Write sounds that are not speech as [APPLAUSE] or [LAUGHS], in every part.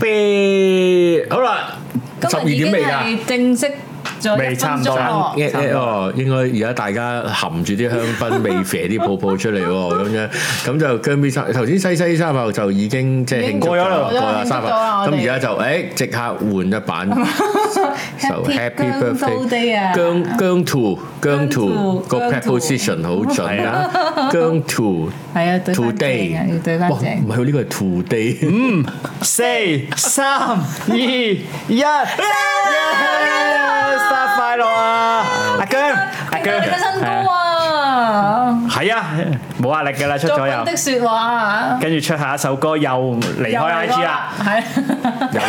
預備好啦，十二點未㗎。未，差唔多，哦，應該而家大家含住啲香檳，未肥啲泡泡出嚟喎，咁樣，咁就姜咪三，頭先西西三號就已經即係慶祝咗啦，過咗三號，咁而家就，誒，即刻換一版，So Happy Birthday，姜姜兔，姜兔個 preposition 好準啊，姜 two，兔，係啊，對翻正，哇，唔係，呢個係 two day，五四、三、二、一。啊！係啊！你嘅新歌啊！係啊！冇壓、啊、力嘅啦，出咗又，的說話跟、啊、住出下一首歌又離開 I G 啦，係、啊。 [LAUGHS] 太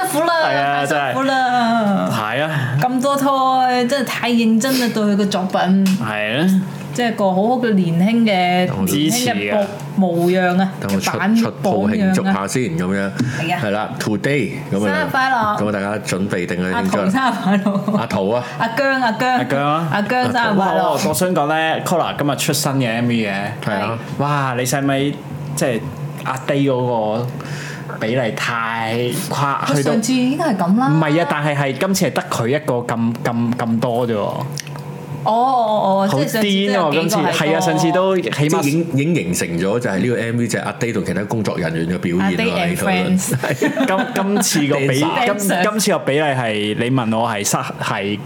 辛苦啦！係啊，啊！真係。係啊！咁多胎真係太認真啦！對佢嘅作品係咧，即係個好好嘅年輕嘅年輕嘅模模樣啊！等我出出鋪慶祝下先咁樣，係啊，係啦，Today 咁啊，生日快樂！咁啊，大家準備定啊點咗？生日快樂！阿桃啊，阿姜啊姜，阿姜阿姜生日快樂！我想講咧，Cola 今日出新嘅 MV 嘅，係啊，哇！你使唔使即係阿 Day 嗰個？比例太跨，佢上次應該係咁啦。唔係啊，但係係今次係得佢一個咁咁咁多啫喎。哦哦哦，好癲啊！今次係、oh, oh, oh, oh, 啊上次次，上次都起碼已經已經形成咗就係呢個 MV 就係阿 Day 同其他工作人員嘅表現啦。係。今今次個比今 [LAUGHS] 今次個比例係你問我係失係。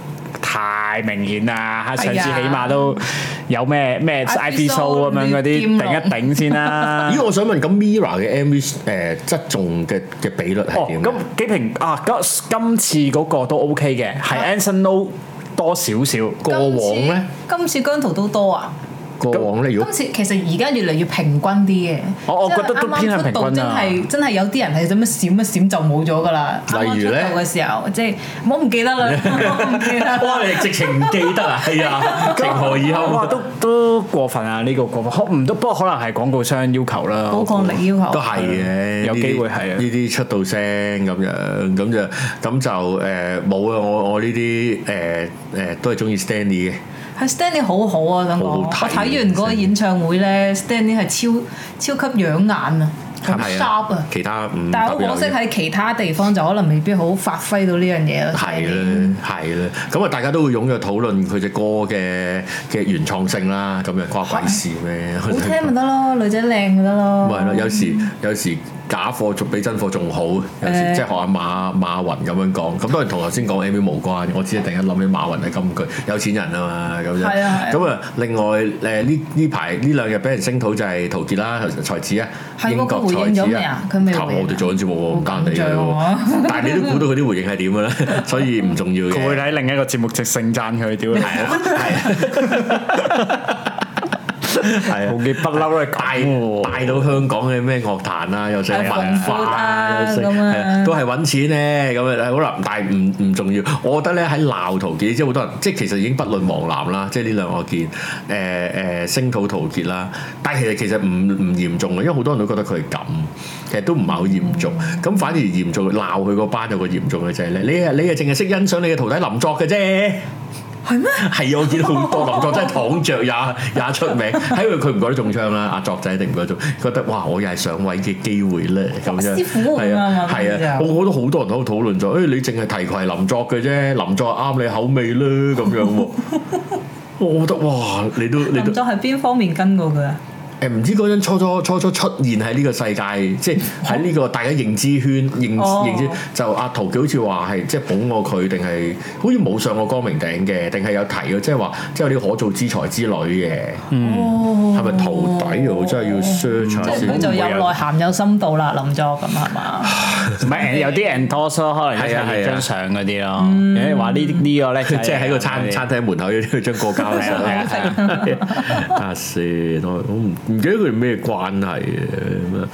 太明顯啦！啊、上次起碼都有咩咩 IP show 咁樣嗰啲頂一頂先啦、啊。咦，我想問咁 Mirror 嘅 MV 誒、呃、側重嘅嘅比率係點？咁、哦、幾平啊？今次嗰個都 OK 嘅，係、啊、Anson Lo 多少少。過往咧，今次姜濤都多啊。過往咧，如果今次其實而家越嚟越平均啲嘅，我我覺得都偏向平均，真係真係有啲人係咁樣閃一閃就冇咗噶啦。例如咧，啱出道嘅時候即係冇唔記得啦，冇唔記得。哇！你直情唔記得啊？係啊，情何以堪？都都過分啊！呢個過分。唔多？不過可能係廣告商要求啦。廣告力要求。都係嘅，有機會係。呢啲出道聲咁樣，咁就咁就誒冇啊！我我呢啲誒誒都係中意 Stanley 嘅。係 Stanley 好好啊，等我睇完嗰個演唱會咧的，Stanley 係超超級養眼啊，咁 sharp 啊，S 的其他但係我覺得喺其他地方就可能未必好發揮到呢樣嘢咯。係啦的，係啦的，咁啊，大家都會踴躍討論佢隻歌嘅嘅原創性啦，咁又關鬼事咩？好聽咪得咯， [LAUGHS] 女仔靚咪得咯。係咯，有時有時。有時假貨仲比真貨仲好，有時即係學阿馬馬雲咁樣講。咁當然同頭先講 M V 無關，我只係突然間諗起馬雲係金句，有錢人啊嘛咁樣。咁啊，另外誒呢呢排呢兩日俾人聲討就係陶傑啦、才子英國 啊、英國才子啊，佢冇回應咗咩啊？佢未回應。我哋做緊節目喎，教人哋嘅喎。但係你都估到佢啲回應係點嘅咧？所以唔重要佢 [LAUGHS] 會喺另一個節目直情讚佢，點啊？係啊。係，陶傑不嬲咧帶帶到香港嘅咩樂壇啊，又者、 [LAUGHS] 啊、文化啊，都係揾錢咧咁啊！好啦、啊，但係唔唔重要。我覺得咧喺鬧陶傑之後，好多人即係其實已經不論黃藍啦，即係呢兩個見，誒、呃、誒、呃、聲討陶傑啦。但係其實其實唔唔嚴重嘅，因為好多人都覺得佢係咁，其實都唔係好嚴重。咁、嗯、反而嚴重鬧佢個班，有個嚴重嘅就係、是、咧，你係你係淨係識欣賞你嘅徒弟林作嘅啫。係咩？係啊！我見到好多林作真係躺着也也出名，係因為佢唔覺得中槍啦。阿、啊、作仔一定唔覺得中，覺得哇！我又係上位嘅機會咧咁哇樣，係啊！我覺得好多人都度討論咗，誒、哎、你淨係提攜林作嘅啫，林作啱你口味咧咁樣喎。 [LAUGHS] 我覺得哇！你都你都係邊方面跟過佢啊？唔知嗰陣初初初初出現喺呢個世界，即係喺呢個大家認知圈認認知，就阿陶記好似話係即係捧過佢，定係好似冇上過光明頂嘅，定係有提咯，即係話即係有啲可造之才之類嘅。嗯，係咪徒弟喎？真係要 search 先。即係就有內涵有深度啦，諗咗咁係嘛？唔係有啲人多數可能一係係張相嗰啲咯，誒話呢呢個咧，即係喺個餐餐廳門口要張過膠咧。係啊係啊，睇我唔。唔記得佢咩關係嘅咁啊！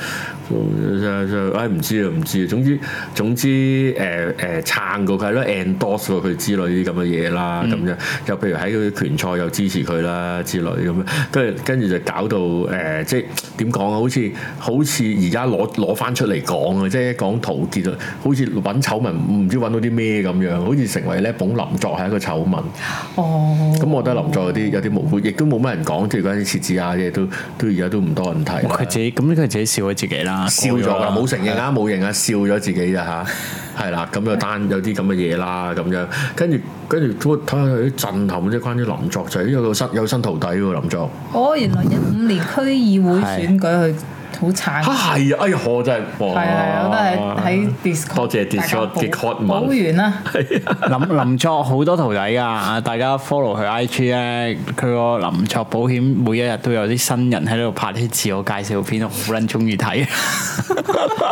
就唔、哎、知啊唔知啊，總之總之誒誒撐過佢咯，endorse 佢之類啲咁嘅嘢啦，咁樣又譬如喺佢拳賽又支持佢啦之類咁，跟住跟住就搞到誒、呃、即係點講啊？好似好似而家攞攞翻出嚟講啊，即係講陶傑啊，好似揾醜聞唔知揾到啲咩咁樣，好似成為咧捧林作係一個醜聞。哦，咁、嗯、我覺得林作嗰啲有啲模糊，亦都冇乜人講，即係嗰陣時事啊嘢都都而家都唔多人睇。佢自己咁應該自己笑佢自己啦。笑咗噶，冇承認啊，冇認啊，笑咗自己咋吓，係啦，咁 [LAUGHS] 就單有啲咁嘅嘢啦，咁樣跟住跟住都睇下佢啲震撼，即係關於林作就仔有，有個新有新徒弟喎，林作。哦，原來一五年區議會選舉去。 [LAUGHS] 好慘係啊！哎呀，我真係係啊！我都係喺 Discord 多謝 Discord 好遠啊 [LAUGHS] 。林林作好多徒弟啊，大家 follow 佢 IG 咧，佢個林作保險每一日都有啲新人喺度拍啲自我介紹片，我好撚中意睇。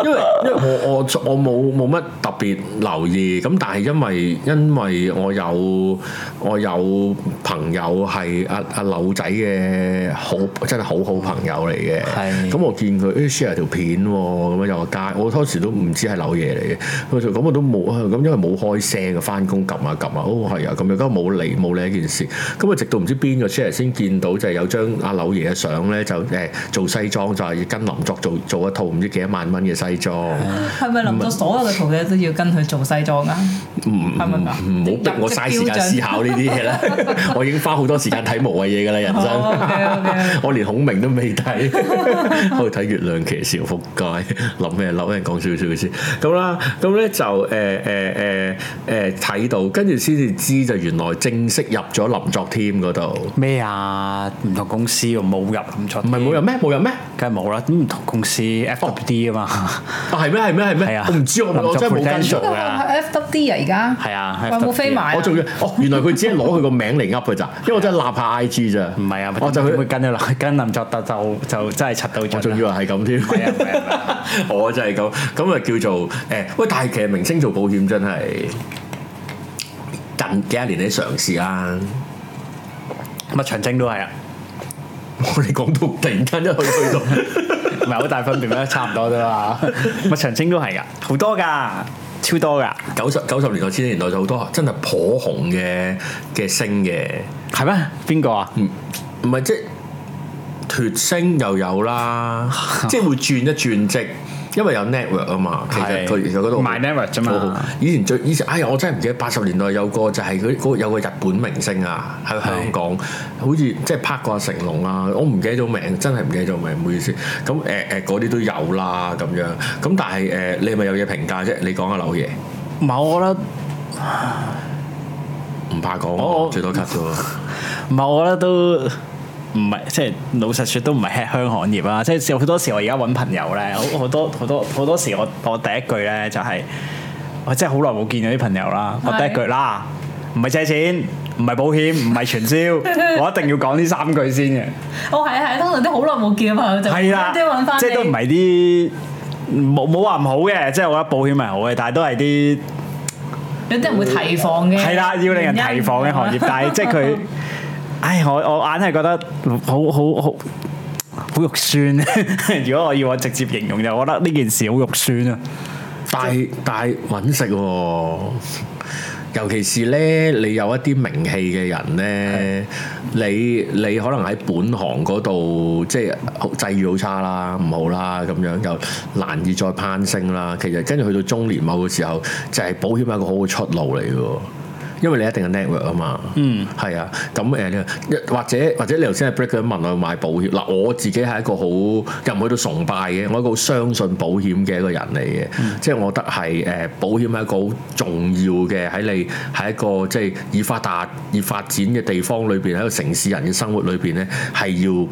因為因為我我我冇冇乜特別留意，咁但係因為因為我有我有朋友係阿阿劉仔嘅好真係好好朋友嚟嘅，咁的我見。佢 share、哎、條片喎、哦，咁樣又個街，我當時都唔知係柳爺嚟嘅，咁我都冇咁因為冇開聲按按按按、哦、啊，翻工撳下撳下，哦係啊，咁又咁又冇理冇理一件事，咁啊直到唔知邊個 share 先見到就係有張阿柳爺嘅相咧，就誒、欸、做西裝就係跟林作做做一套唔知幾多萬蚊嘅西裝。係咪、啊、林作所有嘅圖咧都要跟佢做西裝啊？唔唔唔好逼我嘥時間思考呢啲嘢啦， [LAUGHS] 我已經花好多時間睇無謂嘢㗎啦，人生，我連孔明都未睇，去睇。月亮騎士，撲街，諗咩諗咩，講少少先，咁啦，咁咧就誒誒誒誒睇到，跟住先至知就原來正式入咗林作添嗰度。咩啊？唔同公司喎，冇入林作。唔係冇入咩？冇入咩？梗係冇啦。唔同公司 FWD 啊嘛。啊係咩？係咩？係咩？我唔知，我真係冇跟著。點解佢係 FWD 啊？而家係啊，佢冇飛埋。我仲要哦，原來佢只係攞佢個名嚟噏佢咋，因為我真係立下 IG 咋。唔係啊，我就點會跟啊？跟林作得就就真係柒到仲要啊！係咁添，我就係咁，咁啊叫做誒喂、欸！但係其實明星做保險真係近幾多年你嘗試啦，麥長青都係啊！我哋講到突然間就去到，唔係好大分別咩？差唔多啫嘛、啊，麥 [LAUGHS] 長青都係噶、啊，好多噶，超多噶。九十九十年代、千年代就好多，真係頗紅嘅嘅星嘅，係咩？邊個啊？唔唔係即。脫星又有啦， [LAUGHS] 即係會轉一轉職，因為有 network 啊嘛。其實佢而家嗰度 network 啫嘛。 [MUSIC] 以前最以前，哎，呀，我真係唔記得八十年代有個就係、嗰、嗰有個日本明星啊，喺香港， [MUSIC] 好似即係拍過成龍啊，我唔記得咗名，真係唔記得咗名，唔好意思。咁誒誒，嗰、呃、啲都有啦咁樣。咁但係誒、呃，你係咪有嘢評價啫？你講下柳爺。唔係， [LAUGHS] 說我覺得唔怕講，最多 cut 啫喎。唔係，我覺得都。唔係即係老實説都唔係吃香行業啦，即係好多時我而家揾朋友呢，好好多好多好多時我我第一句呢就係我真係好耐冇見嗰啲朋友啦，我第一句啦、就係，唔係是、啊、借錢，唔係保險，唔係傳銷， [LAUGHS] 我一定要講呢三句先嘅。哦係啊係啊，通常都，啦都好耐冇見啊嘛，就啲揾翻即係都唔係啲冇冇話唔好嘅，即係我覺得保險係好嘅，但係都係啲有啲人會提防嘅，係啦原因，要令人提防嘅行業，但係即係佢。唉，我我硬係覺得好好好好肉酸。 [LAUGHS] 如果我要我直接形容就，我覺得呢件事好肉酸啊！但係就但係揾食喎，尤其是咧，你有一啲名氣嘅人咧，是的 你你可能喺本行嗰度即係際遇好差啦、唔好啦咁樣，就難以再攀升啦。其實跟住去到中年，某個時候就係、是、保險係一個好嘅出路嚟嘅。因為你一定係 network 啊嘛，嗯，係啊，咁誒、呃，或者或者你頭先係 break 咗問我買保險，嗱，我自己係一個好，又唔去到崇拜嘅，我係一個好相信保險嘅一個人嚟嘅，即係、嗯、我覺得係誒、呃、保險係一個好重要嘅喺你係一個即係易發達易發展嘅地方裏邊，喺個城市人嘅生活裏邊咧係要，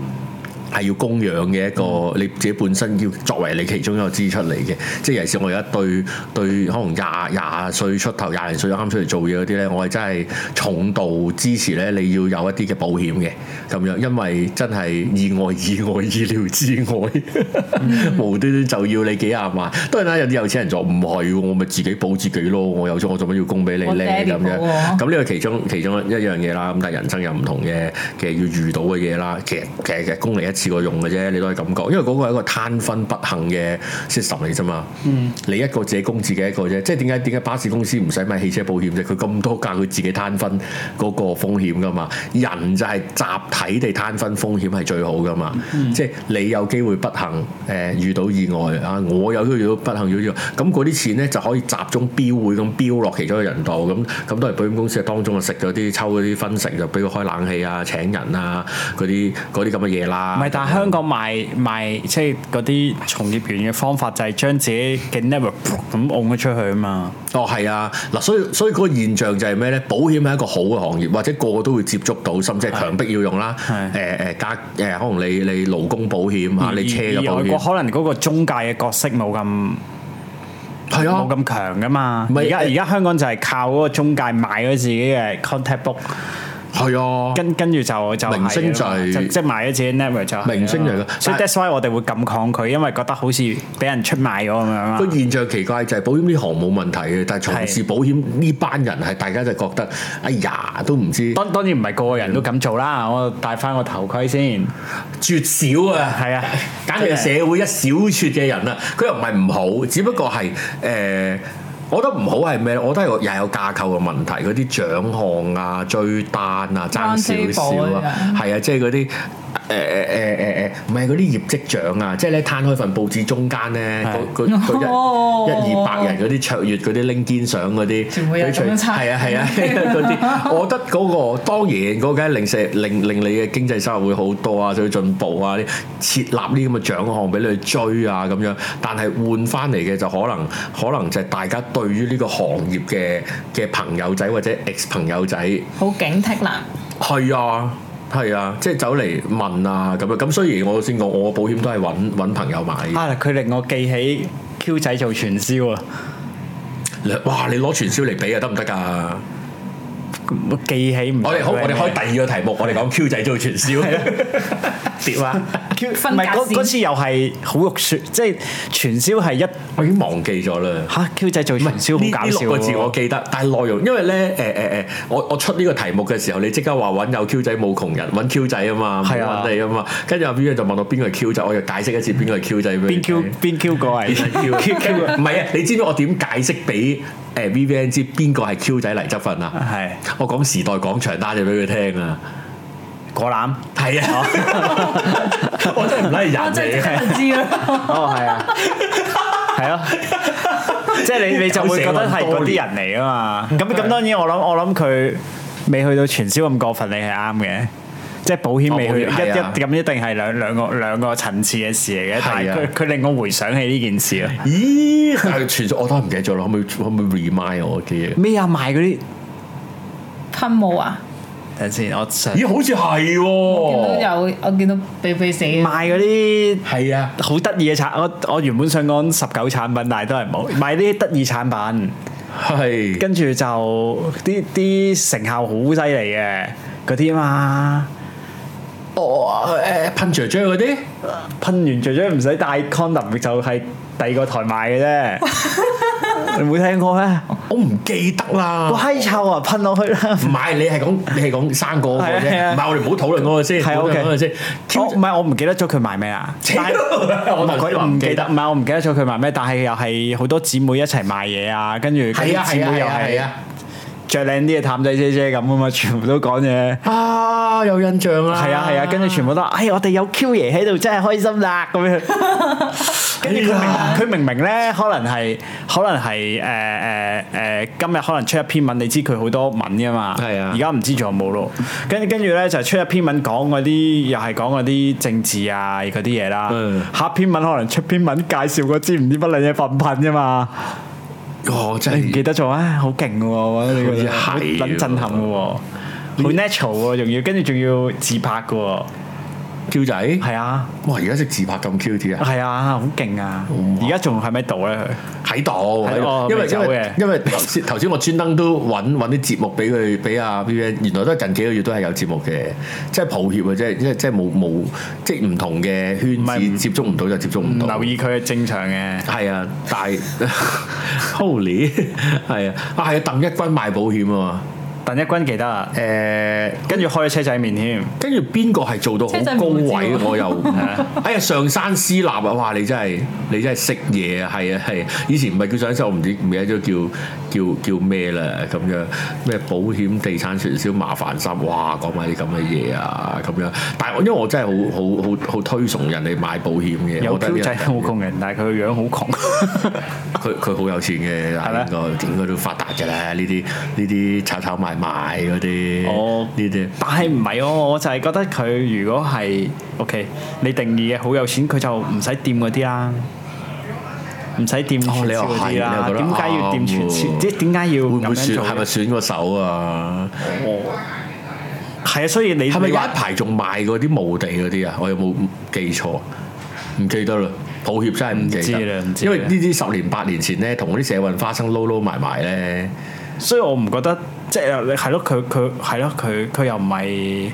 係要供養嘅一個，你自己本身要作為你其中一個支出嚟嘅，即係尤其是我有一對對可能廿廿歲出頭、廿零歲啱出嚟做嘢嗰啲咧，我係真係重度支持咧，你要有一啲嘅保險嘅咁樣，因為真係意、意外、意外、意料之外， [LAUGHS] 無端端就要你幾廿萬。當然啦，有啲有錢人就唔係喎，我咪自己保自己咯。我有咗我做乜要供俾你咧咁樣？咁呢個其中其中一樣嘢啦。咁但係人生有唔同嘅其實要遇到嘅嘢啦。其實其實其實供你一。試過用嘅啫，你都係感覺，因為嗰個係一個攤分不幸嘅 system 嚟啫嘛。嗯、你一個自己供自己一個啫，即係點解點解巴士公司唔使買汽車保險啫？佢咁多架，佢自己攤分嗰個風險㗎嘛。人就係集體地攤分風險係最好㗎嘛。嗯、即係你有機會不幸誒、呃、遇到意外啊，我有機會遇到不幸，遇到意外。咁嗰啲錢咧就可以集中標會咁標落其中嘅人度，咁咁都係保險公司喺當中就食咗啲抽嗰啲分成，就俾佢開冷氣啊、請人啊嗰啲嗰啲咁嘅嘢啦。但係香港賣賣即係嗰啲從業員嘅方法就係將自己嘅 number 咁掟咗出去啊嘛。哦，係啊，嗱，所以所以個現象就係咩咧？保險係一個好嘅行業，或者個個都會接觸到，甚至係強逼要用啦。係誒的、呃、加誒、呃，可能你你勞工保險嚇、啊，你車嘅保險，可能嗰個中介嘅角色冇咁係啊，冇咁強噶嘛。而家而家香港就係靠嗰個中介賣咗自己嘅 contact book。係啊，跟跟住就就是、明星就是、即賣咗錢，never 就是是明星嚟、就、嘅、是，所以 that's why 是我哋會咁抗拒，因為覺得好似俾人出賣咗咁樣啦。個現象奇怪就係、是、保險呢行冇問題嘅，但係從事保險呢班人係大家就覺得哎呀都唔知當。當當然唔係個個人都咁做啦，嗎我戴翻個頭盔先，絕少啊，係啊，啊簡直係、就是、社會一小撮嘅人啊，佢又唔係唔好，只不過係誒。呃我覺得唔好係咩？我覺得又有架構嘅問題，嗰啲獎項啊、追單啊、爭少少啊，係 [MUSIC] 啊，即係嗰啲。誒誒誒誒誒，唔係嗰啲業績獎啊！即係咧攤開份報紙，中間咧，個個的一、哦、一二百人嗰啲卓越、嗰啲拎肩相嗰啲，全部係啊係啊，嗰啲、啊啊， [LAUGHS] 我覺得嗰、嗰個、個當然嗰間零食令令，令你嘅經濟收入會好多啊，就要進步啊，設立呢啲咁嘅獎項俾你追啊咁樣。但係換翻嚟嘅就可能可能就係大家對於呢個行業嘅嘅朋友仔或者 ex 朋友仔，友仔好警惕啦。係啊。係啊，即係走嚟問啊咁啊，咁雖然我先講我保險都係揾揾朋友買。啊，佢令我記起 Q 仔做傳銷啊！哇，你攞傳銷嚟俾行行啊，得唔得噶？我記起唔。我哋好，我哋開第二個題目，的我哋講 Q 仔做傳銷。是的 [LAUGHS] 跌啦！唔係嗰次又係好肉酸，即係傳銷係一，我已經忘記咗啦。吓，Q 仔做傳銷好搞笑喎！六個字我記得，但係內容，因為咧誒誒誒，我我出呢個題目嘅時候，你即刻話揾有 Q 仔冇窮人揾 Q 仔啊嘛，唔揾、啊、你啊嘛。跟住 VVN 就問到邊個係 Q 仔，我就解釋一次邊個係 Q 仔。邊、嗯、Q 邊 Q 個係 [LAUGHS] ？Q Q 唔係 [LAUGHS] 啊！你知唔知我點解釋俾誒 VVN 知邊個係 Q 仔嚟執份啊？係 [LAUGHS] 我講時代廣場單嘢俾佢聽啊！果腩係 [NOISE] 啊！ [LAUGHS] 我真係唔係人嚟嘅、啊，知啦。 [LAUGHS] 哦，係啊，係啊， [LAUGHS] 即係你你就會覺得係嗰啲人嚟啊嘛。咁咁當然我諗我諗佢未去到傳銷咁過分，你係啱嘅。 [NOISE] 即係保險未去、啊、一一咁一定係兩兩個兩個層次嘅事嚟嘅。但係佢令我回想起呢件事啊。咦？係傳銷，我都唔記得咗啦。可唔可以可唔可以 remind 我啲？咩 [NOISE] [NOISE] 啊？賣嗰啲噴霧啊？等先，我咦？好似係喎。我見到有，我見到俾佢寫。賣嗰啲係啊，好得意嘅產。我我原本想講十九產品，但係都係冇賣啲得意產品。係是。跟住就啲啲成效好犀利嘅嗰啲嘛。哦，誒噴雀雀嗰啲，噴，雀雀噴完雀雀唔使帶 condom 就係第二個台賣嘅啫。 [LAUGHS] 你冇聽過咩？我唔記得啦，個閪臭啊，噴落去啦！唔係你係講你係講生果嘅啫，唔係我哋唔好討論嗰個先，討論嗰個先。唔係我唔記得咗佢賣咩啊，但係佢唔記得，唔係我唔記得咗佢賣咩，但係又係好多姊妹一齊賣嘢啊，跟住啲姊妹又係着靚啲嘅淡仔姐姐咁啊嘛，全部都講嘢啊，有印象啦。係啊係啊，跟住全部都，哎我哋有 Q 爺喺度，真係開心啦咁樣。跟住佢明，佢、哎、呀明明咧，可能係，可能係，誒誒誒，今日可能出一篇文，你知佢好多文噶嘛？係是啊有有。而家唔知仲有冇咯。跟住跟住咧就出一篇文講，講嗰啲又係講嗰啲政治啊嗰啲嘢啦。嗯。是啊、下一篇文可能出篇文介紹嗰支唔知乜嘢粉品噶嘛。哦，真係、哎啊。你唔記得咗咩？好勁嘅喎，我覺得呢個好震撼嘅喎、啊，好 natural 喎，仲要跟住仲要自拍嘅喎、啊。Q 仔？係啊！哇！而家識自拍咁 Q 啲啊！係啊，好勁啊！而家仲喺咪度咧？喺度，因為有嘅。因為頭先頭先，我專登都揾揾啲節目俾佢，俾阿 B。原來都係近幾個月都係有節目嘅，即係抱歉啊，即即冇冇即唔同嘅圈接接觸唔到就接觸唔到。留意佢係正常嘅。係啊，但係 Holy 係啊，啊係啊，鄧一君賣保險啊嘛～鄧一軍記得啊，誒，跟住開車仔麵添，跟住邊個係做到好高位？我又，哎呀，上山私臘啊！哇，你真係你真係識嘢啊！係啊係，以前唔係叫上山，我唔知唔記得咗叫叫叫咩啦咁樣，咩保險、地產、傳銷、麻煩心，哇！講埋啲咁嘅嘢啊咁樣，但係因為我真係好好好好推崇人哋買保險嘅，有條仔好窮人，但係佢個樣好窮，佢佢好有錢嘅，應該應該都發達嘅啦。呢啲呢啲炒炒賣。買嗰啲呢啲，但係唔係我，我就係覺得佢如果係 OK，你定義嘅好有錢，佢就唔使掂嗰啲啦，唔使掂串超嗰啲啦。點解要掂串超？即點解要咁樣做？係咪選個手啊？哦，係啊，所以你係咪有一排仲賣嗰啲墓地嗰啲啊？我有冇記錯？唔記得啦，抱歉，真係唔記得。唔知啦，唔知啦。因為呢啲十年八年前咧，同嗰啲社運花生撈撈埋埋咧，所以我唔覺得。即係你係咯，佢佢係咯，佢佢又唔係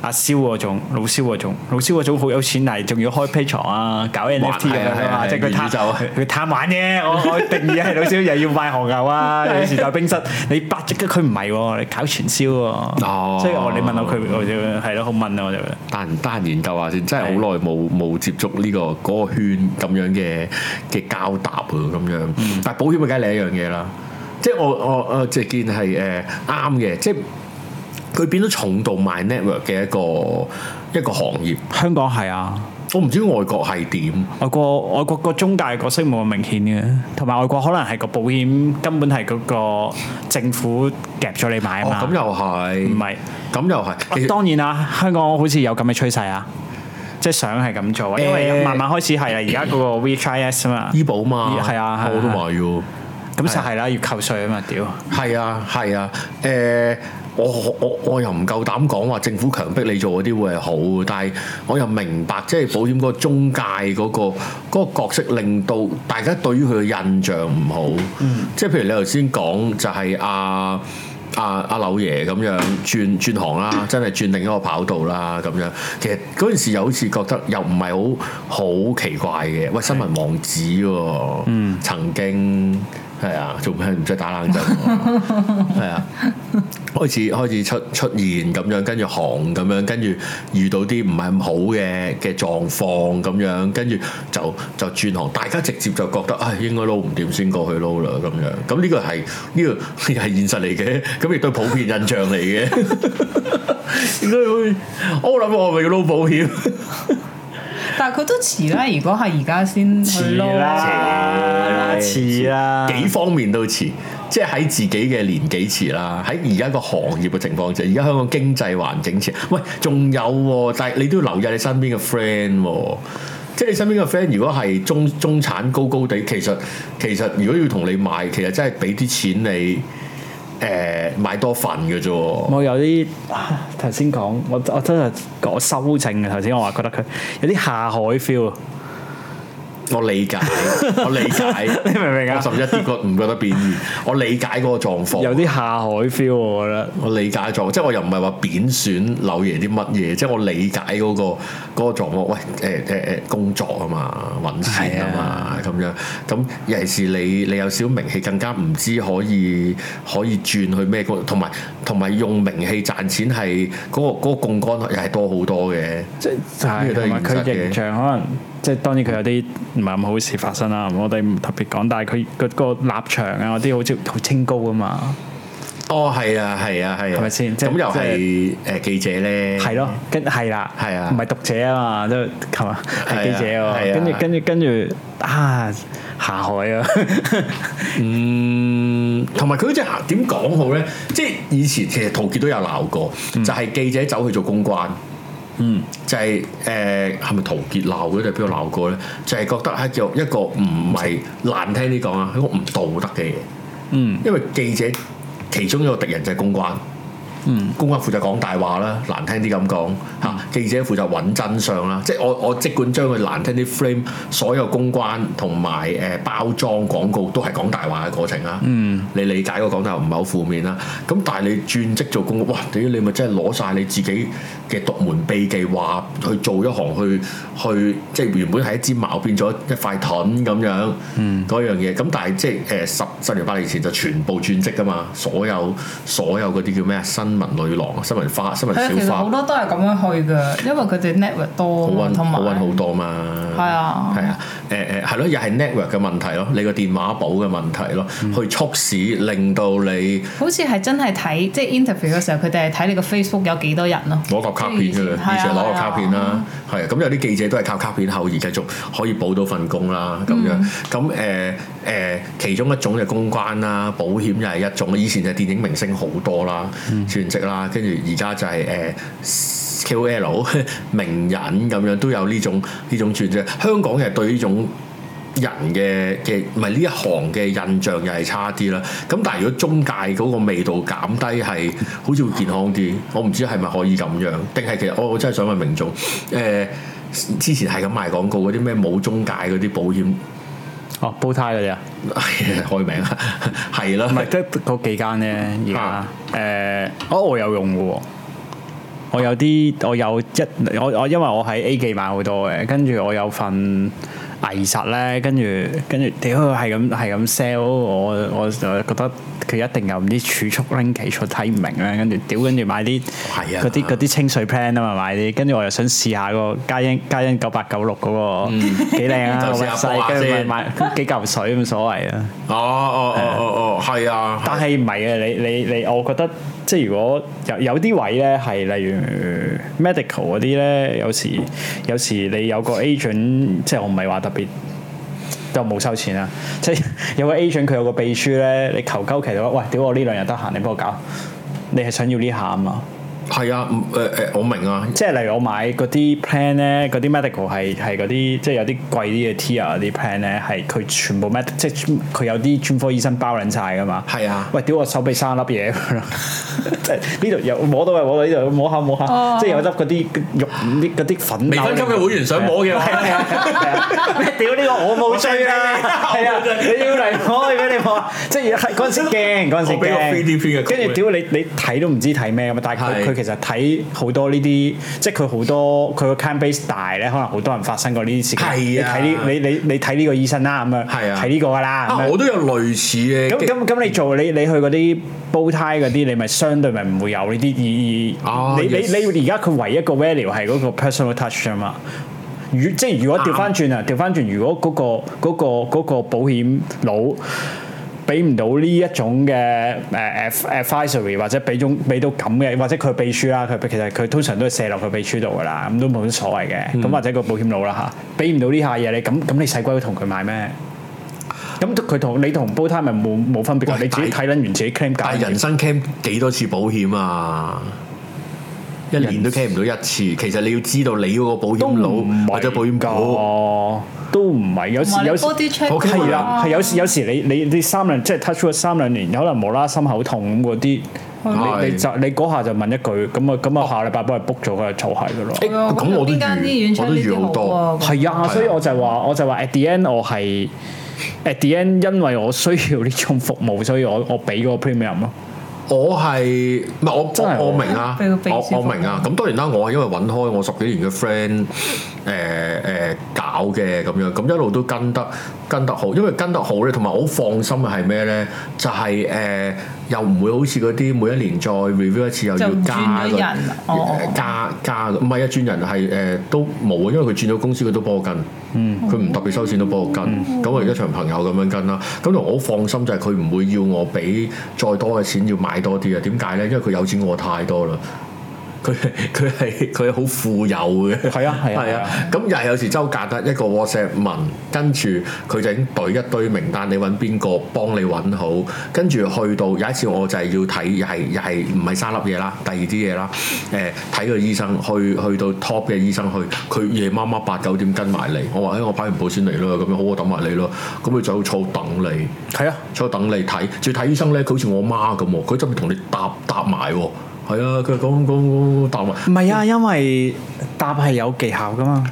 阿蕭嗰種老蕭嗰種老蕭嗰種好有錢，但係仲要開 Patreon 啊，搞 NFT 咁樣啊，即係佢貪就佢貪玩啫。 [LAUGHS] 我定義係老蕭又要賣韓牛啊，有時代冰室，你八億佢唔係喎，你搞傳銷喎，所以、嗯、你問，問下佢我對 就係咯，好問啊我就。但係但研究下先，真係好耐冇冇接觸呢個嗰圈咁樣嘅嘅交搭啊咁樣。但係保險嘅梗係另一樣嘢啦。即係我我誒直見係誒啱嘅，即係佢變咗重度賣 network 嘅一個一個行業。香港係啊，我唔知外國係點。外國外國個中介角色冇咁明顯嘅，同埋外國可能係個保險根本係嗰個政府夾咗你買啊嘛。咁又係，唔係咁又係。當然啦，香港好似有咁嘅趨勢啊，即係想係咁做，因為慢慢開始係啊，而家嗰個 VHIS 啊嘛，醫保嘛，係啊係啊，我都買喎。咁就係啦，啊、要扣稅啊嘛，屌！係啊，係啊，誒、呃，我我我又唔夠膽講話政府強迫你做嗰啲會係好，但係我又明白，即係保險嗰個中介嗰個嗰個角色，令到大家對於佢嘅印象唔好。即係、嗯、譬如你頭先講就係阿阿阿柳爺咁樣轉轉行啦，真係轉另一個跑道啦咁樣。其實嗰陣時又好似覺得又唔係好好奇怪嘅，喂新聞王子喎，嗯是，曾經。係啊，做咩唔使打冷震，係啊，開始開始出出現咁樣，跟住行咁樣，跟住遇到啲唔係咁好嘅嘅狀況咁樣，跟住就就轉行，大家直接就覺得啊，應該撈唔掂先過去撈啦咁樣。咁呢個係呢個係現實嚟嘅，咁亦都普遍印象嚟嘅。應該會，我諗我係咪要撈保險？但佢都遲啦，如果係而家先，遲啦，遲啦，幾方面都遲，即係喺自己嘅年紀遲啦，喺而家個行業嘅情況就，而家香港經濟環境遲。喂，仲有，但係你都要留意你身邊嘅 friend，即係你身邊嘅 friend 如果係中中產高高哋，其實其實如果要同你買，其實真係俾啲錢你。誒、呃、買多份嘅啫，啊，我有啲啊，頭先講，我我真係講修正嘅頭先，我話覺得佢有啲下海 feel。我理解，我理解， [LAUGHS] 你明唔明啊？我一啲覺唔覺得貶義？我理解嗰個狀況。 [LAUGHS] 有啲下海 feel，我覺得。我理解狀況，即係我又唔係話貶損柳爺啲乜嘢，即係我理解嗰個嗰個狀況。喂，誒誒誒，工作啊嘛，揾錢啊嘛，咁樣。咁尤其是你，你有少少名氣，更加唔知可以可以轉去咩度，同埋同埋用名氣賺錢係嗰個嗰個槓桿又係多好多嘅。即係同埋佢形象可能。即係當然佢有啲唔係咁好事發生啦，我哋唔特別講，但係佢佢個立場啊，嗰啲好似好清高啊嘛。哦，係啊，係啊的，係吧。係咪先？咁又係誒記者咧？係咯，跟係啦，係啊，唔係讀者啊嘛，都係嘛，係記者喎。跟住跟住跟住啊，下海啊。 [LAUGHS] 嗯，同埋佢好似下點講好咧？即係以前其實陶傑都有鬧過，就係、係、記者走去做公關。 [NOISE] 嗯，就係、是、誒，係、呃、咪陶傑鬧嘅定邊個鬧過咧？就係、是、覺得係叫一個唔係難聽啲講啊，一個唔道德嘅嘢。嗯，因為記者其中一個敵人就係公關。嗯，公關負責講大話啦，難聽啲咁講吓。記者、嗯、負責揾真相啦，即係我我即管將佢難聽啲 frame，所有公關同埋誒包裝廣告都係講大話嘅過程啦。嗯，你理解我講得唔係好負面啦。咁但係你轉職做公關，哇！點你咪真係攞晒你自己嘅獨門秘技話去做一行去去即係原本係一枝矛變咗一塊盾咁樣。嗯，嗰樣嘢。咁但係即係誒十十年八年以前就全部轉職噶嘛，所有所有嗰啲叫咩啊新新聞女郎、新聞花、新聞小花，其實好多都係咁樣去嘅，因為佢哋 network 多，同埋好揾好多嘛。係啊，係啊，誒誒係咯，又係 network 嘅問題咯，你個電話簿嘅問題咯，去促使令到你。好似係真係睇即係 interview 嘅時候，佢哋係睇你個 Facebook 有幾多人咯。攞個卡片㗎，以前攞個卡片啦，係啊，咁有啲記者都係靠卡片後而繼續可以補到份工啦，咁樣咁誒。誒其中一種就公關啦，保險又係一種。以前就電影明星好多啦，嗯、全職啦，跟住而家就係誒 KOL 名人咁樣都有呢種呢種轉職。香港嘅對呢種人嘅嘅唔係呢一行嘅印象又係差啲啦。咁但係如果中介嗰個味道減低，係好似會健康啲。我唔知係咪可以咁樣，定係其實我真係想問明總誒，之前係咁賣廣告嗰啲咩冇中介嗰啲保險？哦，煲呔嗰啲啊， [LAUGHS] 開名啊，係 [LAUGHS] 囉是的， [LAUGHS] 唔係得嗰幾間啫。而家，誒、 [LAUGHS] 呃，哦，我有用嘅喎、哦， [LAUGHS] 我有啲，我有一，我我因為我喺 A 記買好多嘅，跟住我有份。藝術咧，跟住跟住，屌佢係咁係咁 sell 我，我就覺得佢一定有啲知儲蓄拎幾錯睇唔明咧，跟住屌跟住買啲嗰啲啲清水 plan 啊嘛，買啲跟住我又想試下嗰個嘉欣佳欣九八九六嗰個幾靚啊，咁細跟住買幾嚿水咁所謂啊！哦哦哦哦哦，係啊！但係唔係啊？你你你，我覺得即係如果有有啲位咧係例如 medical 嗰啲咧，有時有時你有個 agent，即係我唔係話特。都冇收錢啦，即 [LAUGHS] 係有個 agent 佢有個秘書咧，你求鳩其佢話：喂，屌我呢兩日得閒，你幫我搞，你係想要呢下嘛？係啊，誒誒，我明啊，即係例如我買嗰啲 plan 咧，嗰啲 medical 係係嗰啲，即係有啲貴啲嘅 tier 嗰啲 plan 咧，係佢全部即係佢有啲專科醫生包撚晒㗎嘛。係啊，喂，屌我手臂三粒嘢即係呢度又摸到啊，摸到呢度，摸下摸下，即係有粒嗰啲肉，啲嗰啲粉。微級嘅會員想摸嘅屌呢個我冇追啦，係啊，你要嚟我俾你摸，即係係嗰陣時驚，嗰時驚，跟住屌你你睇都唔知睇咩咁啊，但係佢。其實睇好多呢啲，即係佢好多佢個 client base 大咧，可能好多人發生過呢啲事件。啊，你睇你你你睇呢個醫生啦，咁樣睇呢個噶啦、啊。我都有類似嘅。咁咁咁，你做你你去嗰啲煲胎嗰啲，你咪相對咪唔會有呢啲意義，哦你？你 yes. 你你而家佢唯一一個 value 係嗰個 personal touch 啊嘛。如即係如果調翻轉啊，調翻轉，如果嗰，嗯那個嗰嗰，嗰個嗰個嗰個保險佬。俾唔到呢一種嘅誒誒 advisory 或者俾種俾到咁嘅，或者佢秘書啦，佢其實佢通常都係射落佢秘書度噶啦，咁都冇乜所謂嘅。咁、嗯、或者個保險佬啦嚇，俾、啊、唔到呢下嘢你，咁咁你細鬼會同佢買咩？咁佢同你同煲呔咪冇冇分別喂你自己睇撚完自己 claim 喂但係人生 claim 幾多次保險啊？一年都傾唔到一次，其實你要知道你嗰個保險佬或者保險股都唔係有時有時，啦，係有時有時你你你三兩即係 touch 咗三兩年，有可能無啦心口痛咁嗰啲，你嗰下就問一句，咁啊咁啊，下禮拜幫佢 book 咗佢就儲係噶咯。咁我邊間醫院搶啲好？係啊，所以我就話我就話 at the end 我係 at the end，因為我需要呢種服務，所以我我俾嗰個 premium 咯。我係唔係我我，我明啊！我我明啊！咁當然啦，我係因為揾開我十幾年嘅 friend 誒誒搞嘅咁樣，咁一路都跟得跟得好，因為跟得好咧，同埋好放心嘅係咩咧？就係、是、誒。呃又唔會好似嗰啲每一年再 review 一次又要加個人，加、oh. 加，唔係一轉、啊、人係誒、呃、都冇啊，因為佢轉咗公司佢都幫我跟，佢唔、mm. 特別收錢都幫我跟，咁我一場朋友咁樣跟啦，咁就我好放心就係佢唔會要我俾再多嘅錢要買多啲啊？點解咧？因為佢有錢過我太多啦。佢佢係佢好富有嘅，係啊係啊，咁又係有時周隔得一個 WhatsApp 問，跟住佢就已經隊一堆名單，你揾邊個幫你揾好，跟住去到有一次我就係要睇，又係又係唔係三粒嘢啦，第二啲嘢啦，誒、欸、睇個醫生，去去到 top 嘅醫生去，佢夜晚晚八九點跟埋嚟，我話誒、eh, 我跑完步先嚟咯，咁樣好，我等埋你咯，咁佢就坐等你，係啊，坐等你睇，仲要睇醫生呢，佢好似我媽咁喎，佢就係同你搭搭埋喎。係啊，佢講講答案，唔係啊，因為答係有技巧㗎嘛。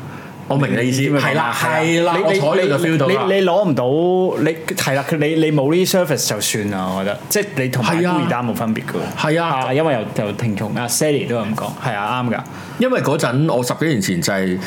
我明你意思，係啦，係啦，你你坐呢度 feel 到啦。你攞唔到，你係啦，你你冇呢 service 就算啦。我覺得，即係你同埋孤兒單冇分別噶。係啊，因為又又聽從阿 Sally 都咁講，係啊，啱噶。因為嗰陣我十幾年前就係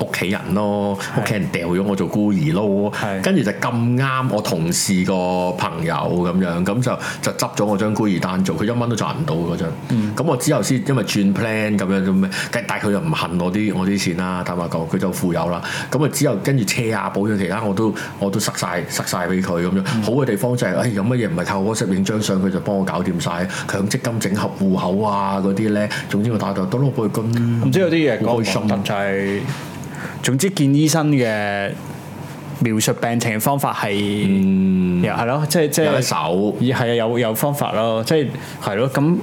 屋企人咯，屋企人掉咗我做孤兒咯，跟住就咁啱我同事個朋友咁樣，咁就就執咗我張孤兒單做，佢一蚊都賺唔到嗰張。咁我之後先因為轉 plan 咁樣咁咩，但係佢又唔恨我啲我啲錢啦，坦白講。佢就富有啦，咁啊之後跟住車啊、保險其他我都我都塞晒塞曬俾佢咁樣。好嘅地方就係、是，唉、哎、有乜嘢唔係靠 WhatsApp 影張相，佢就幫我搞掂曬強積金整合戶口啊嗰啲咧。總之我打到哆啦 A 夢，唔、嗯、知、嗯就是、有啲嘢開心就係。總之見醫生嘅描述病情方法係又係咯，即係即係手，係啊有有方法咯，即係係咯。咁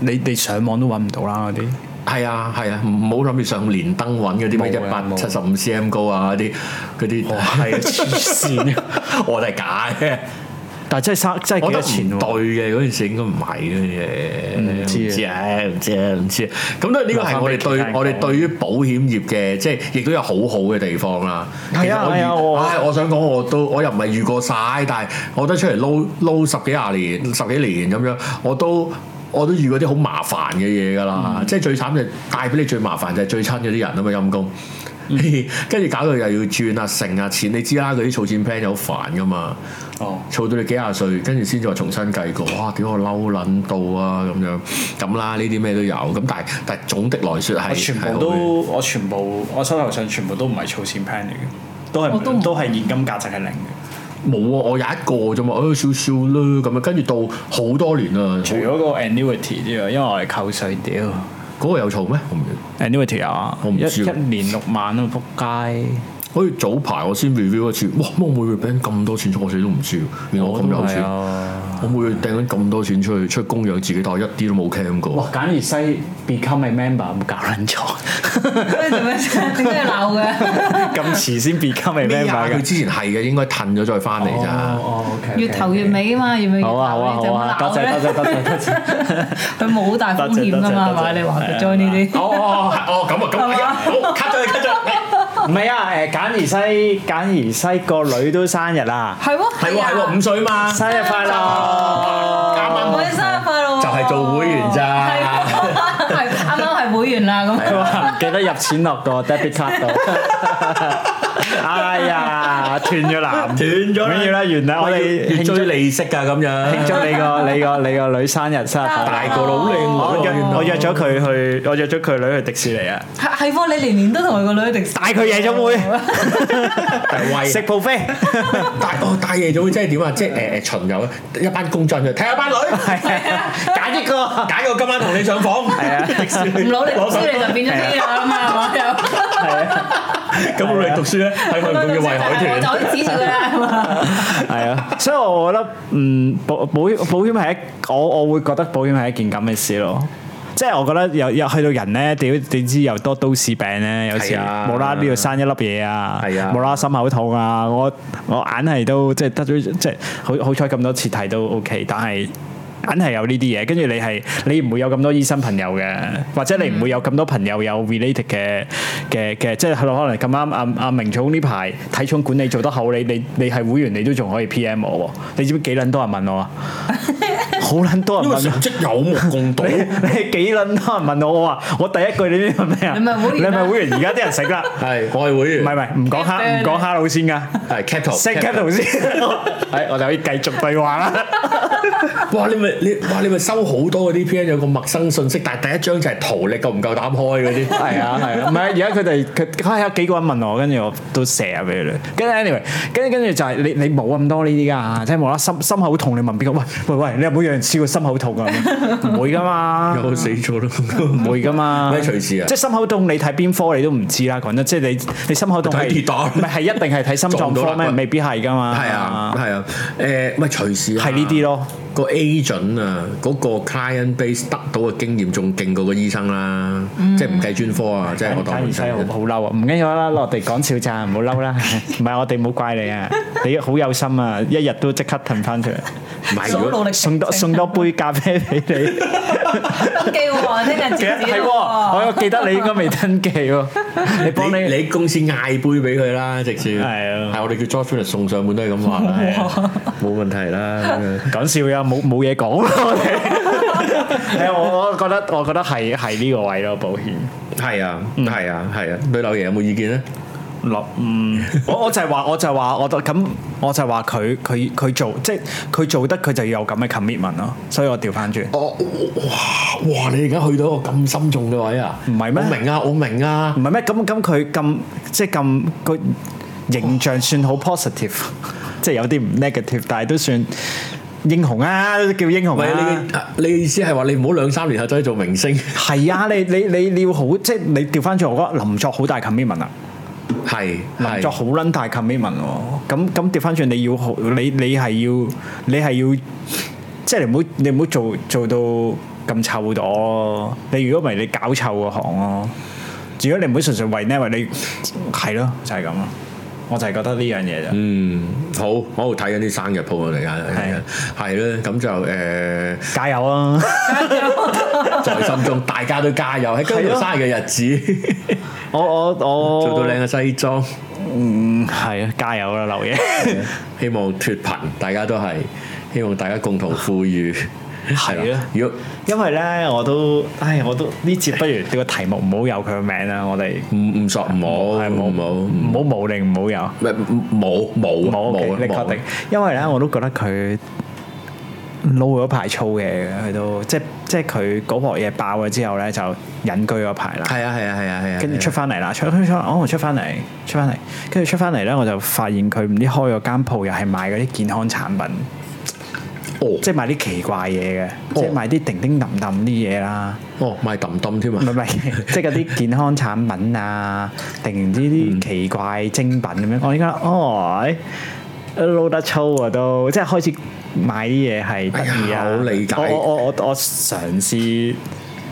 你哋上網都揾唔到啦嗰啲。係啊，係啊，唔好諗住上連登揾嗰啲咩一百七十五 cm 高啊啲嗰啲，係啊，黐線啊，我哋係假嘅，但係真係生真係幾多錢對嘅嗰件事應該唔係嘅，唔知啊，唔知啊，唔知啊，咁都呢個係我哋對我哋對於保險業嘅即係亦都有好好嘅地方啦。係啊，係啊、哎哎，我係、哎、我想講我都我又唔係遇過曬，但係我都出嚟撈撈十幾廿年、十幾年咁樣，我都。我都遇過啲好麻煩嘅嘢㗎啦，嗯、即係最慘就帶俾你最麻煩就係最親嗰啲人啊嘛陰公，跟住、嗯、搞到又要轉啊成啊錢，你知啦、啊，嗰啲儲錢 plan 好煩㗎嘛，儲、哦、到你幾廿歲，跟住先再重新計過，哇！屌我嬲撚到啊咁樣，咁啦呢啲咩都有，咁但係但係總的來說係，全部都我全部，我，全部，我，全部我手頭上全部都唔係儲錢 plan 嚟嘅，都係都係現金價值係零嘅。冇啊，我有一個啫嘛，誒少少啦。咁樣，跟住到好多年啊。除咗個 annuity 之外，因為我係扣稅，屌嗰個有嘈咩？annuity 我唔啊，我唔知，我知一，一年六萬啊，撲街！好似早排我先 review 一次，哇！乜每個 plan 咁多錢，錯死都唔知，原來我咁、哦、有錢。我會掟咗咁多錢出去出公養自己，袋，一啲都冇聽過。哇！簡如西 become a member 咁搞撚錯，做咩？做咩鬧嘅？咁遲先 become a member 佢之前係嘅，應該褪咗再翻嚟咋？哦 OK 越頭越尾啊嘛，越尾越頭。好啊好啊好啊，多謝多謝多謝。佢冇大風險㗎嘛？係你話 join 呢啲？哦哦哦，哦咁啊咁嘅，cut 咗你 cut 咗。唔係啊，誒簡而西，簡而西個女都生日啦。係喎，哦，係喎，啊，係喎，啊，五、啊、歲嘛。生日快樂！啱啱我啲生日快樂就係做會員咋，係啊！啱啱係會員啦咁。佢話唔記得入錢落個 [LAUGHS] debit card 度。 [LAUGHS] 哎呀，斷咗纜，斷咗啦！唔緊要啦，原來我哋要追利息噶咁樣，慶祝你個你個你個女生日生日，大個咯，好靚女！我約咗佢去，我約咗佢女去迪士尼啊！係係，你年年都同佢個女去迪士，帶佢夜總會，食 buffet，帶哦帶夜總會即係點啊？即係誒誒巡遊，一班工裝出嚟睇下班女，揀一個揀個今晚同你上房，係啊，唔努力讀書就變咗 B 啊嘛，係啊，咁我哋讀書。係佢 [LAUGHS] 唔會叫喂海豚，攞啲紙條係嘛？係啊，所以我覺得嗯保保險保險係一，我我會覺得保險係一件咁嘅事咯。即係我覺得又又去到人咧，點點知又多都市病咧，有時無啦啦呢度生一粒嘢啊，無啦啦心口痛啊，我我硬係都即係得咗，即係好好彩咁多次睇都 OK，但係。梗係有呢啲嘢，跟住你係你唔會有咁多醫生朋友嘅，或者你唔會有咁多朋友有 related 嘅嘅嘅，即係可能可能咁啱阿阿明總呢排體重管理做得好，你你你係會員，你都仲可以 PM 我喎，你知唔知幾撚多人問我啊？好撚多人問啊！因為事跡有目共睹，你幾撚多人問我？我話我第一句你啲問咩啊？你係會員？你係會員？而家啲人食啦。係，我係會員。唔係唔係，唔講哈唔講哈佬先啊。係 capital 識 capital 先。係，我哋可以繼續對話啦。哇！你咪～你哇！你咪收好多嗰啲 p m 有個陌生信息，但係第一張就係圖，你夠唔夠膽開嗰啲？係啊，係啊，唔係，而家佢哋佢開有幾個人問我，跟住我都寫下俾佢哋。跟住 anyway，跟住跟住就係你你冇咁多呢啲㗎，即係冇啦。心心口痛，你問邊個？喂喂喂，你有冇人試過心口痛啊？唔會㗎嘛，又死咗啦！唔會㗎嘛，咩隨時啊？即係心口痛，你睇邊科你都唔知啦。講得即係你你心口痛係咪係一定係睇心臟科，未必係㗎嘛。係啊係啊，誒咪隨時係呢啲咯個 agent。啊，嗰個 client base 得到嘅經驗仲勁過個醫生啦，即係唔計專科啊，即係我當醫生。好嬲啊！唔緊要啦，落地講笑咋，唔好嬲啦。唔係我哋冇怪你啊，你好有心啊，一日都即刻騰翻出嚟。唔係，如果送多送多杯咖啡俾你。登記呢個字係喎，我記得你應該未登記喎。 [LAUGHS] 你幫你 [LAUGHS] 你，你公司嗌杯俾佢啦，直接係啊，係我哋叫 John Fuller 送上門都係咁話啦，冇 [LAUGHS] 問題啦。講笑呀，冇冇嘢講啦。我覺我覺得我覺得係係呢個位咯，保險係啊係啊係啊，對劉爺有冇意見咧？functions 嗯，no, mm, [LAUGHS] 我我就係話，我就係話，我咁我，我就話佢佢佢做即係佢做得，佢就要有咁嘅 commitment 咯。所以我調翻轉。哦，哇哇！你而家去到一個咁深重嘅位啊？唔係咩？我明啊，我明啊。唔係咩？咁咁佢咁即係咁個形象算好 positive，oh. [LAUGHS] 即係有啲唔 negative，但係都算英雄啊，叫英雄啊。唔係，你你嘅意思係話你唔好兩三年後走去做明星係 [LAUGHS] 啊？你你你你要好即係你調翻轉，我覺得林作好大 commitment 啊。係，動作好撚大 commitment 喎，啊，咁咁掉返轉你要好，你你係要你係要，即係你唔好、就是、你唔好做做到咁臭到，啊，你如果唔係你搞臭個行咯，啊，如果你唔好純粹為呢，為你係咯、啊、就係咁咯，我就係覺得呢樣嘢就嗯好我好睇緊啲生日 po 家緊，係係啦，咁是、啊、就誒、呃、加油啦，在心中大家都加油喺今日生日嘅日子。是啊 [LAUGHS] 我我我做到靚嘅西裝，嗯，係啊，加油啦劉野，希望脫貧，大家都係，希望大家共同富裕，係啦。如果因為咧，我都唉，我都呢節，不如呢個題目唔好有佢嘅名啦，我哋唔唔索唔好係冇冇冇冇名唔好有，咩冇冇冇冇，你確定？因為咧，我都覺得佢。撈咗排粗嘅，佢都即即係佢嗰樖嘢爆咗之後咧，就隱居咗排啦。係啊係啊係啊係啊！跟住出翻嚟啦，出出出哦出翻嚟出翻嚟，跟住出翻嚟咧，我就發現佢唔知開咗間鋪，又係賣嗰啲健康產品。哦，即係賣啲奇怪嘢嘅，即係賣啲叮叮噹噹啲嘢啦。哦，賣噹噹添啊！唔係唔係，即係嗰啲健康產品啊，定唔知啲奇怪精品咁樣。我而家哦，撈得粗啊都，即係開始。買啲嘢係，我理解我我我，我嘗試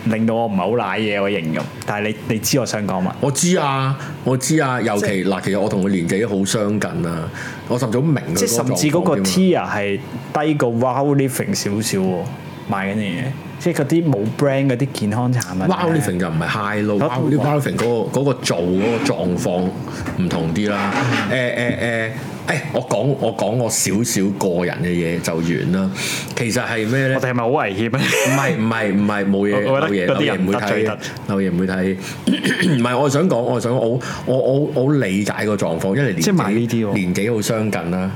令到我唔係好賴嘢，我形容，但係你你知我想講乜？我知啊，我知啊。尤其嗱即，其實我同佢年紀好相近啊，我甚至明。即係甚至嗰個 tier 係何低過 wow living 少少喎，啊。賣緊啲嘢，即係嗰啲冇 brand 嗰啲健康產品。就唔係 high low，嗰啲個做嗰個狀況唔同啲啦。誒誒誒，誒我講我講我少少個人嘅嘢就完啦。其實係咩咧？我哋係咪好危險啊？唔係唔係唔係冇嘢，我覺得嗰人得罪得，唔會睇。唔係我想講，我想我我我我理解個狀況，因為年紀年紀好相近啦。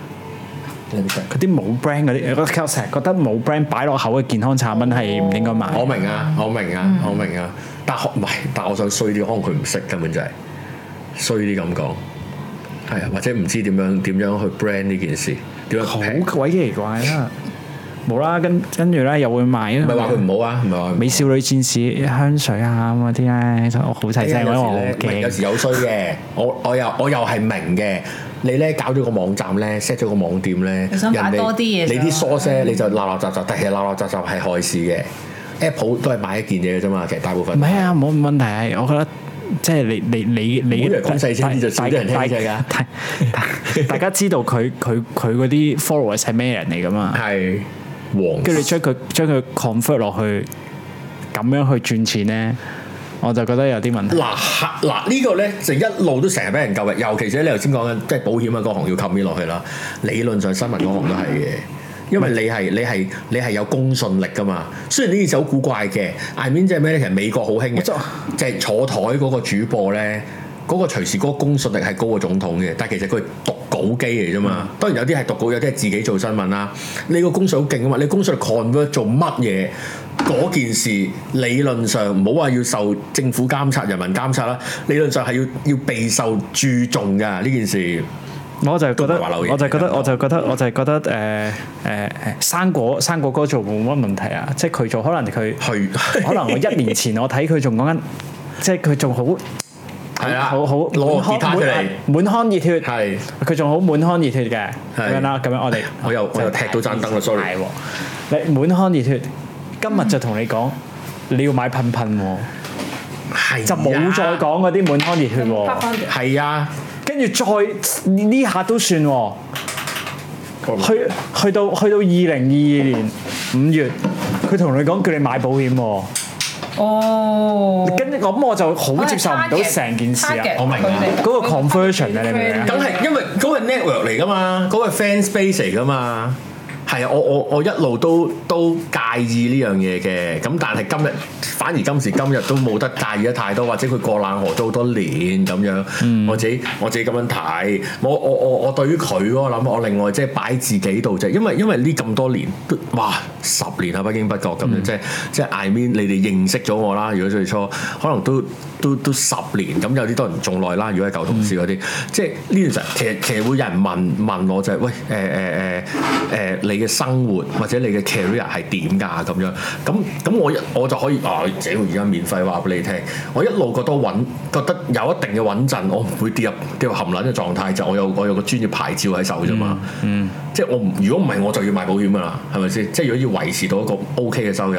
嗰啲冇 brand 嗰啲，我成日覺得冇 brand 擺落口嘅健康產品係唔應該買。哦。我明啊，我明啊，嗯、我明啊。但係唔係？但係我想衰啲可能佢唔識根本就係衰啲咁講，係、哎、啊，或者唔知點樣點樣去 brand 呢件事，點樣好鬼奇怪？話樣 [LAUGHS] 冇啦，跟跟住咧又會買。唔係話佢唔好啊，唔係話美少女戰士香水啊咁嗰啲咧，就好細聲。有時有衰嘅，我我又我又係明嘅。你咧搞咗個網站咧，set 咗個網店咧，人哋你啲 social 你就立立雜雜，得其實立立雜雜係害事嘅。Apple 都係買一件嘢嘅啫嘛，其實大部分。唔係啊，冇問題。係我覺得即係你你你你，我以為講細聲啲就少啲人聽佢㗎。大大家知道佢佢佢嗰啲 followers 係咩人嚟㗎嘛？係。跟住你將佢將佢 confirm 落去，咁樣去轉錢咧，我就覺得有啲問題。嗱，嗱、這個、呢個咧就一路都成日俾人救嘅，尤其係你頭先講嘅，即係保險啊嗰行要冚面落去啦。理論上新聞嗰行都係嘅，因為你係你係你係有公信力㗎嘛。雖然呢件事好古怪嘅，I mean 即係咩咧？其實美國好興嘅，即係就坐台嗰個主播咧，嗰個隨時嗰個公信力係高過總統嘅，但係其實佢。稿機嚟啫嘛，當然有啲係讀稿，有啲係自己做新聞啦。你個公信好勁啊嘛，你公信 convert 做乜嘢嗰件事，理論上唔好話要受政府監察、人民監察啦。理論上係要要備受注重㗎呢件事。我就覺得話流嘢，我就覺得我就覺得我就係覺得誒誒誒生果生果哥做冇乜問題啊，即係佢做可能佢的可能我一年前我睇佢仲講緊， [LAUGHS] 即係佢仲好。係啊、 [MUSIC] 嗯，好好滿腔熱血，是滿腔熱血，係佢仲好滿腔熱血嘅咁樣啦。咁樣我哋我又就我又踢到盞燈啦，sorry。你滿腔熱血，今日就同你講，你要買噴噴喎，係，啊、就冇再講嗰啲滿腔熱血喎、哦。係啊，跟住再呢下都算、哦歉去，去到去到去到二零二二年五月，佢同你講叫你買保險、哦。哦，跟住咁、oh. 我，我就好接受唔到成件事 get, 明啊！我明啊，嗰個 conversion 啊，你明啊？梗係因為嗰個 network 嚟噶嘛，嗰、嗰個 fans base 嚟噶嘛。係啊，我我我一路都都介意呢樣嘢嘅，咁但係今日反而今時今日都冇得介意得太多，或者佢過冷河都好多年咁樣、嗯我，我自己我自己咁樣睇，我我我我對於佢我諗，我另外即係擺自己度啫，因為因為呢咁多年哇十年啊，不經不覺咁樣、嗯，即係即係 I mean 你哋認識咗我啦，如果最初可能都。都都十年咁，有啲多人仲耐啦。如果係舊同事嗰啲，嗯、即係呢段時其實其實會有人問問我就係、是，喂誒誒誒誒，你嘅生活或者你嘅 career 係點㗎咁樣？咁咁我我就可以啊，這個而家免費話俾你聽。我一路覺得穩，覺得有一定嘅穩陣，我唔會跌入跌冚撚嘅狀態。就是、我有我有個專業牌照喺手啫嘛。嗯嗯、即係我如果唔係我就要賣保險㗎啦，係咪先？即係如果要維持到一個 OK 嘅收入，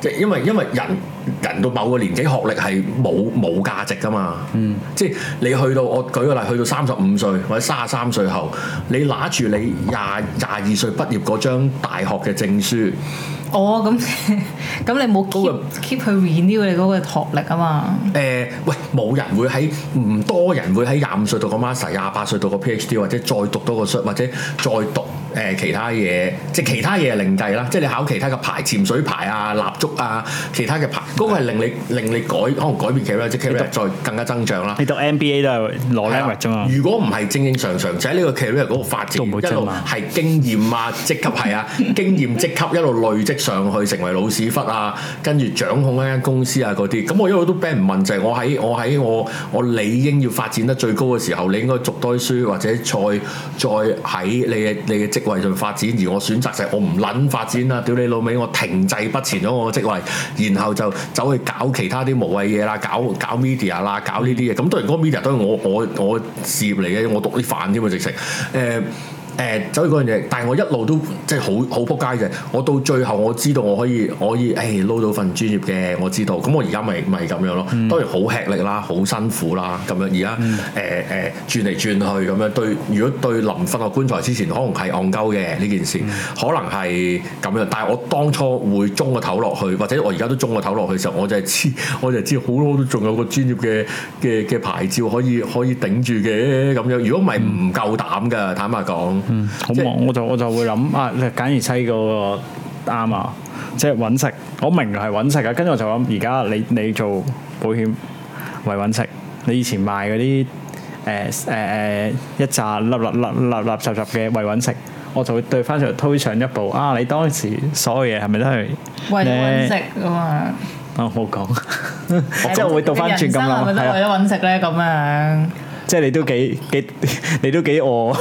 即係因為因為，因為人。人到某個年紀，學歷係冇冇價值㗎嘛？嗯，即係你去到我舉個例，去到三十五歲或者三十三歲後，你攞住你廿廿二歲畢業嗰張大學嘅證書。哦，咁、嗯、咁、 [LAUGHS] 嗯、 [LAUGHS] 你冇 keep keep 去 renew 你嗰個學歷啊嘛？誒、呃，喂，冇人會喺唔多人會喺廿五歲讀個 master，廿八歲讀個 PhD，或者再讀多個書，或者再讀。誒其他嘢，即係其他嘢係另計啦，即係你考其他嘅牌，潛水牌啊、蠟燭啊、其他嘅牌，嗰、那個係令你令你改可能改變 career，即係 career 再更加增長啦。你讀 MBA 都係攞呢物啫嘛。了如果唔係正正常常就喺呢個 career 嗰個發展一路係經驗啊、積級係啊、 [LAUGHS] 經驗積級一路累積上去成為老屎忽啊，跟住掌控一間公司啊嗰啲。咁我一路都俾人問就係、是、我喺我喺我我，我，我，我理應要發展得最高嘅時候，你應該讀多啲書或者再再喺你嘅你嘅職。 [LAUGHS] [LAUGHS] 為咗發展，而我選擇就係我唔撚發展啦！屌你老味，我停滯不前咗我個職位，然後就走去搞其他啲無謂嘢啦，搞搞 media 啦，搞呢啲嘢。咁、嗯、當然嗰 media 都係我我我事業嚟嘅，我讀啲飯添嘛，直情誒。誒，走去嗰樣嘢，但係我一路都即係好好撲街嘅。我到最後我知道我可以，我可以，誒、哎，攞到份專業嘅，我知道。咁我而家咪咪咁樣咯。當然好吃力啦，好辛苦啦，咁樣而家誒誒轉嚟轉去咁樣。對，如果對臨瞓喺棺材之前，可能係戇鳩嘅呢件事，嗯、可能係咁樣。但係我當初會中個頭落去，或者我而家都中個頭落去嘅時候，我就係、係、知，我就係知，好多都仲有個專業嘅嘅嘅牌照可以可以頂住嘅咁樣。如果唔係唔夠膽㗎，坦白講。嗯，好忙，我就我就會諗啊，簡而西嗰個啱啊，即係搵食，我明係搵食啊。跟住我就諗，而家你你做保險為搵食，你以前賣嗰啲誒誒誒一扎立立立立立雜雜嘅為搵食，我就會對翻上推上一步啊！你當時所有嘢係咪都係為搵食啊？嘛，好 [LAUGHS] 講， [LAUGHS] 即係會倒翻轉咁咯，係為咗搵食咧，咁樣。即係你都幾、啊、幾你都幾餓？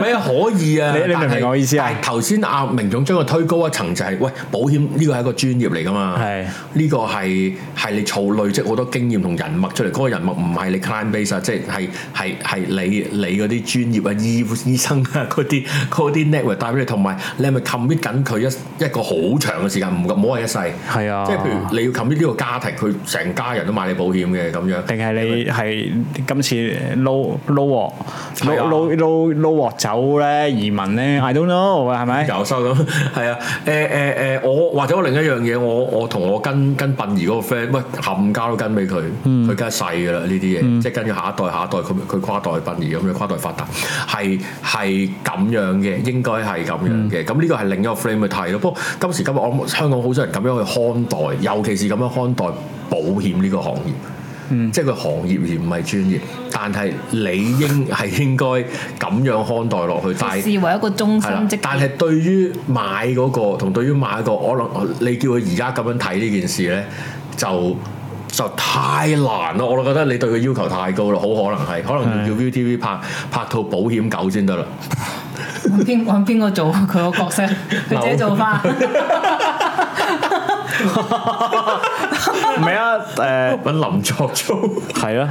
咩啊可以啊！你明唔明我意思啊？頭先阿明總將佢推高一層、就是，就係喂保險呢個係一個專業嚟㗎嘛。係呢是的 個係係你儲累積好多經驗同人脈出嚟。嗰、那個人脈唔係你 client base 啊、就是，即係係係你你嗰啲專業啊、醫醫生啊嗰啲啲 network 帶俾你，同埋你係咪 commit 緊佢一一個好長嘅時間？唔好話一世。係啊，即係譬如你要 commit 呢個家庭，佢成家人都買你保險嘅咁樣。定係你係今次？撈撈鑊撈撈撈鑊走咧移民咧，I don't know 係、right? 咪？又收到係啊！誒誒誒，我或者我另一樣嘢，我我同我跟我跟殯儀嗰個 friend，乜冚家都跟俾佢，佢梗係細㗎啦呢啲嘢，嗯、即係跟住下一代、下一代佢佢跨代殯儀咁樣跨代發達，係係咁樣嘅，應該係咁樣嘅。咁呢、嗯、個係另一個 frame 去睇咯。不過今時今日我諗香港好多人咁樣去看待，尤其是咁樣看待保險呢個行業。嗯、即係佢行業而唔係專業，但係你應係應該咁樣看待落去，視為一個忠心。但係對於買嗰、嗰個同對於買、嗰個，可能你叫佢而家咁樣睇呢件事呢，就就太難咯。我就覺得你對佢要求太高啦，好可能係，可能要叫 ViuTV 拍的拍套保險狗先得啦。揾邊揾邊個做佢個角色？佢自己做翻。 [LAUGHS] [LAUGHS] 唔係啊，誒，搵林作操係啊，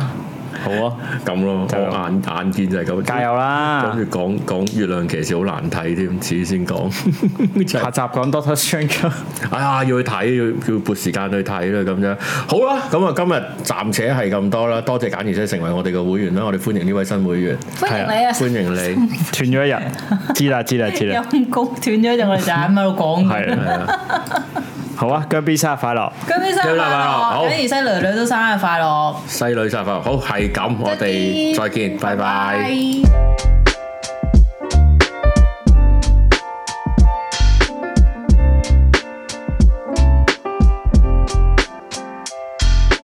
好啊，咁咯，我眼眼見就係咁。加油啦！跟住講講月亮騎士好難睇添，遲先講。下集講 Doctor Strange。哎呀，要去睇，要要撥時間去睇啦，咁樣好啦，咁啊，今日暫且係咁多啦，多謝簡賢姐成為我哋嘅會員啦，我哋歡迎呢位新會員，歡迎你啊，歡迎你，斷咗一日，知啦知啦知啦，咁高斷咗一日，我哋就喺度講嘅。好啊，姜 B 生日快樂！姜 B 生日快樂，好，跟住細女女都生日快樂，細女生日快樂，好，係咁，我哋再見，再見拜拜。拜拜。